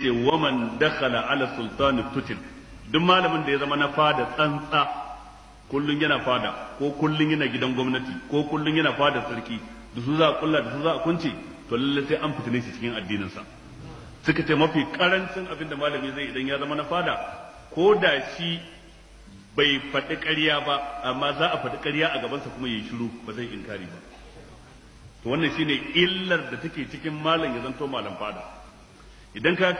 ce waman dakhala ala sultani tutil duk malamin da ya zama na fada tsantsa kullun yana fada ko kullun yana gidan gwamnati ko kullun yana fada sarki da su za a kulla da su za a kunce to lalle sai an fitine shi cikin addinin sa suka ce mafi karancin abin da malami zai idan ya zama na fada ko da shi bai faɗi ƙarya ba amma za a faɗi ƙarya a gabansa kuma yayi shiru ba zai inkari ba to wannan shine illar da take cikin malam ya zanto malam fada idan ka